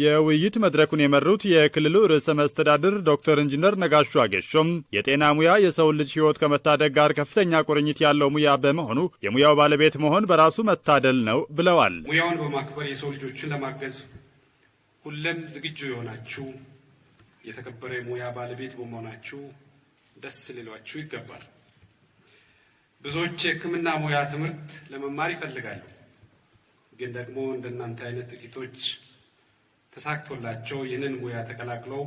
የውይይት መድረኩን የመሩት የክልሉ ርዕሰ መስተዳድር ዶክተር ኢንጂነር ነጋሹ አጌሾም የጤና ሙያ የሰውን ልጅ ሕይወት ከመታደግ ጋር ከፍተኛ ቁርኝት ያለው ሙያ በመሆኑ የሙያው ባለቤት መሆን በራሱ መታደል ነው ብለዋል። ሙያውን በማክበር የሰው ልጆችን ለማገዝ ሁለም ዝግጁ የሆናችሁ የተከበረ የሙያ ባለቤት በመሆናችሁ ደስ ሊሏችሁ ይገባል። ብዙዎች የሕክምና ሙያ ትምህርት ለመማር ይፈልጋሉ፣ ግን ደግሞ እንደናንተ አይነት ጥቂቶች ተሳክቶላቸው ይህንን ሙያ ተቀላቅለው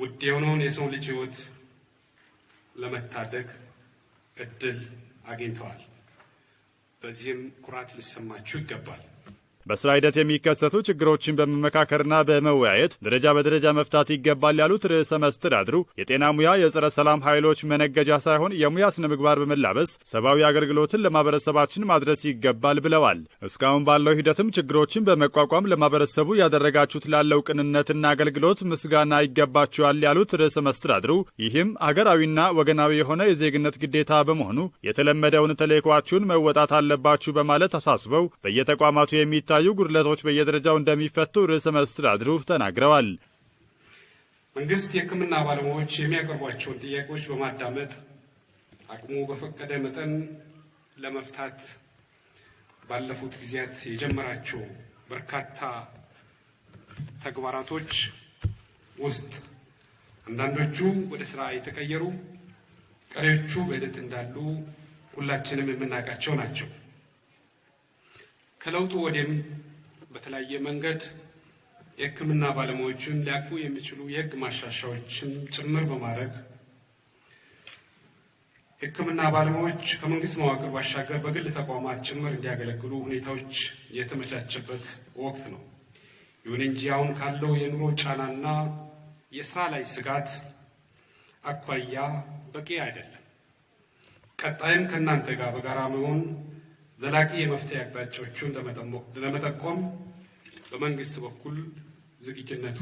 ውድ የሆነውን የሰው ልጅ ህይወት ለመታደግ እድል አግኝተዋል። በዚህም ኩራት ሊሰማችሁ ይገባል። በስራ ሂደት የሚከሰቱ ችግሮችን በመመካከርና በመወያየት ደረጃ በደረጃ መፍታት ይገባል ያሉት ርዕሰ መስተዳድሩ የጤና ሙያ የጸረ ሰላም ኃይሎች መነገጃ ሳይሆን የሙያ ስነ ምግባር በመላበስ ሰብአዊ አገልግሎትን ለማህበረሰባችን ማድረስ ይገባል ብለዋል። እስካሁን ባለው ሂደትም ችግሮችን በመቋቋም ለማህበረሰቡ ያደረጋችሁት ላለው ቅንነትና አገልግሎት ምስጋና ይገባችኋል ያሉት ርዕሰ መስተዳድሩ ይህም አገራዊና ወገናዊ የሆነ የዜግነት ግዴታ በመሆኑ የተለመደውን ተልዕኳችሁን መወጣት አለባችሁ በማለት አሳስበው በየተቋማቱ የሚታ የሚታዩ ጉድለቶች በየደረጃው እንደሚፈቱ ርዕሰ መስተዳድሩ ተናግረዋል። መንግስት የሕክምና ባለሙያዎች የሚያቀርቧቸውን ጥያቄዎች በማዳመጥ አቅሙ በፈቀደ መጠን ለመፍታት ባለፉት ጊዜያት የጀመራቸው በርካታ ተግባራቶች ውስጥ አንዳንዶቹ ወደ ስራ የተቀየሩ፣ ቀሪዎቹ በሂደት እንዳሉ ሁላችንም የምናውቃቸው ናቸው። ከለውጡ ወዲህም በተለያየ መንገድ የሕክምና ባለሙያዎችን ሊያቅፉ የሚችሉ የሕግ ማሻሻዎችን ጭምር በማድረግ የሕክምና ባለሙያዎች ከመንግስት መዋቅር ባሻገር በግል ተቋማት ጭምር እንዲያገለግሉ ሁኔታዎች የተመቻቸበት ወቅት ነው። ይሁን እንጂ አሁን ካለው የኑሮ ጫናና የስራ ላይ ስጋት አኳያ በቂ አይደለም። ቀጣይም ከእናንተ ጋር በጋራ መሆን ዘላቂ የመፍትሄ አቅጣጫዎቹን ለመጠቆም በመንግስት በኩል ዝግጅነቱ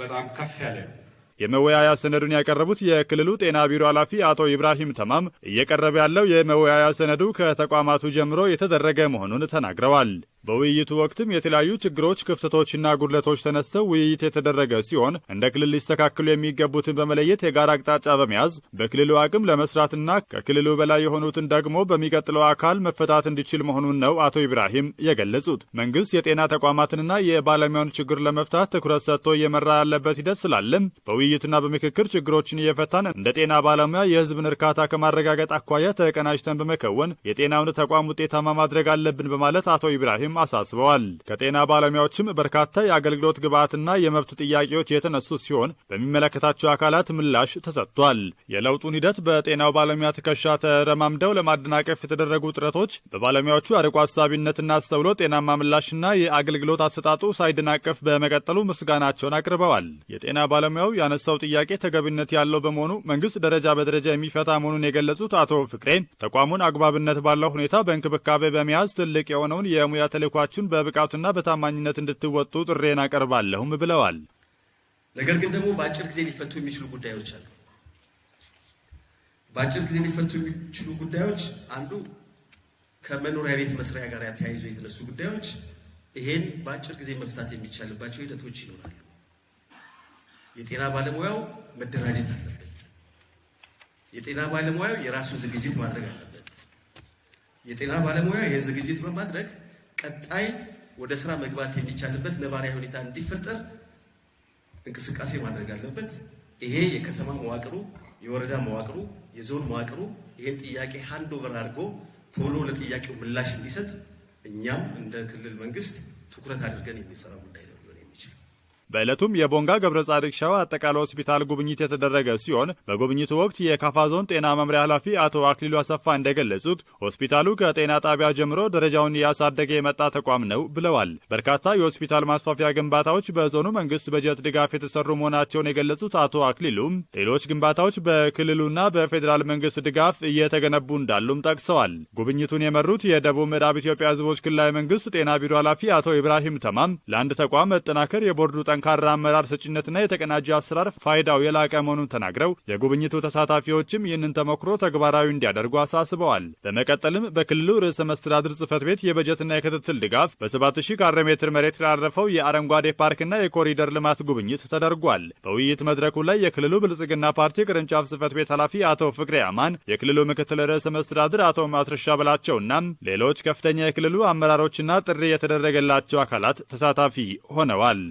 በጣም ከፍ ያለ ነው። የመወያያ ሰነዱን ያቀረቡት የክልሉ ጤና ቢሮ ኃላፊ አቶ ኢብራሂም ተማም እየቀረበ ያለው የመወያያ ሰነዱ ከተቋማቱ ጀምሮ የተደረገ መሆኑን ተናግረዋል። በውይይቱ ወቅትም የተለያዩ ችግሮች፣ ክፍተቶችና ጉድለቶች ተነስተው ውይይት የተደረገ ሲሆን እንደ ክልል ሊስተካከሉ የሚገቡትን በመለየት የጋራ አቅጣጫ በመያዝ በክልሉ አቅም ለመስራትና ከክልሉ በላይ የሆኑትን ደግሞ በሚቀጥለው አካል መፈታት እንዲችል መሆኑን ነው አቶ ኢብራሂም የገለጹት። መንግስት የጤና ተቋማትንና የባለሙያን ችግር ለመፍታት ትኩረት ሰጥቶ እየመራ ያለበት ሂደት ስላለም በውይይትና በምክክር ችግሮችን እየፈታን እንደ ጤና ባለሙያ የህዝብን እርካታ ከማረጋገጥ አኳያ ተቀናጅተን በመከወን የጤናውን ተቋም ውጤታማ ማድረግ አለብን በማለት አቶ ኢብራሂም አሳስበዋል። ከጤና ባለሙያዎችም በርካታ የአገልግሎት ግብዓትና የመብት ጥያቄዎች የተነሱ ሲሆን በሚመለከታቸው አካላት ምላሽ ተሰጥቷል። የለውጡን ሂደት በጤናው ባለሙያ ትከሻ ተረማምደው ለማደናቀፍ የተደረጉ ጥረቶች በባለሙያዎቹ አርቆ አሳቢነትና አስተውሎ ጤናማ ምላሽና የአገልግሎት አሰጣጡ ሳይደናቀፍ በመቀጠሉ ምስጋናቸውን አቅርበዋል። የጤና ባለሙያው ያነሳው ጥያቄ ተገቢነት ያለው በመሆኑ መንግስት ደረጃ በደረጃ የሚፈታ መሆኑን የገለጹት አቶ ፍቅሬ ተቋሙን አግባብነት ባለው ሁኔታ በእንክብካቤ በመያዝ ትልቅ የሆነውን የሙያ ተልእኳችሁን በብቃቱና በታማኝነት እንድትወጡ ጥሬን አቀርባለሁም ብለዋል። ነገር ግን ደግሞ በአጭር ጊዜ ሊፈቱ የሚችሉ ጉዳዮች አሉ። በአጭር ጊዜ ሊፈቱ የሚችሉ ጉዳዮች አንዱ ከመኖሪያ ቤት መስሪያ ጋር ተያይዞ የተነሱ ጉዳዮች፣ ይሄን በአጭር ጊዜ መፍታት የሚቻልባቸው ሂደቶች ይኖራሉ። የጤና ባለሙያው መደራጀት አለበት። የጤና ባለሙያው የራሱ ዝግጅት ማድረግ አለበት። የጤና ባለሙያ ይህን ዝግጅት በማድረግ ቀጣይ ወደ ስራ መግባት የሚቻልበት ነባራዊ ሁኔታ እንዲፈጠር እንቅስቃሴ ማድረግ አለበት። ይሄ የከተማ መዋቅሩ፣ የወረዳ መዋቅሩ፣ የዞን መዋቅሩ ይሄን ጥያቄ ሃንድ ኦቨር አድርጎ ቶሎ ለጥያቄው ምላሽ እንዲሰጥ እኛም እንደ ክልል መንግስት ትኩረት አድርገን የሚሰራ ጉዳይ ነው። በዕለቱም የቦንጋ ገብረ ጻድቅ ሸዋ አጠቃላይ ሆስፒታል ጉብኝት የተደረገ ሲሆን በጉብኝቱ ወቅት የካፋ ዞን ጤና መምሪያ ኃላፊ አቶ አክሊሉ አሰፋ እንደገለጹት ሆስፒታሉ ከጤና ጣቢያ ጀምሮ ደረጃውን እያሳደገ የመጣ ተቋም ነው ብለዋል። በርካታ የሆስፒታል ማስፋፊያ ግንባታዎች በዞኑ መንግስት በጀት ድጋፍ የተሰሩ መሆናቸውን የገለጹት አቶ አክሊሉም ሌሎች ግንባታዎች በክልሉና በፌዴራል መንግስት ድጋፍ እየተገነቡ እንዳሉም ጠቅሰዋል። ጉብኝቱን የመሩት የደቡብ ምዕራብ ኢትዮጵያ ህዝቦች ክልላዊ መንግስት ጤና ቢሮ ኃላፊ አቶ ኢብራሂም ተማም ለአንድ ተቋም መጠናከር የቦርዱ ጠንካራ አመራር ሰጭነትና የተቀናጀ አሰራር ፋይዳው የላቀ መሆኑን ተናግረው የጉብኝቱ ተሳታፊዎችም ይህንን ተሞክሮ ተግባራዊ እንዲያደርጉ አሳስበዋል። በመቀጠልም በክልሉ ርዕሰ መስተዳድር ጽህፈት ቤት የበጀትና የክትትል ድጋፍ በ7000 ካሬ ሜትር መሬት ላረፈው የአረንጓዴ ፓርክና የኮሪደር ልማት ጉብኝት ተደርጓል። በውይይት መድረኩ ላይ የክልሉ ብልጽግና ፓርቲ ቅርንጫፍ ጽህፈት ቤት ኃላፊ አቶ ፍቅሬ አማን፣ የክልሉ ምክትል ርዕሰ መስተዳድር አቶ ማስረሻ በላቸውና ሌሎች ከፍተኛ የክልሉ አመራሮችና ጥሪ የተደረገላቸው አካላት ተሳታፊ ሆነዋል።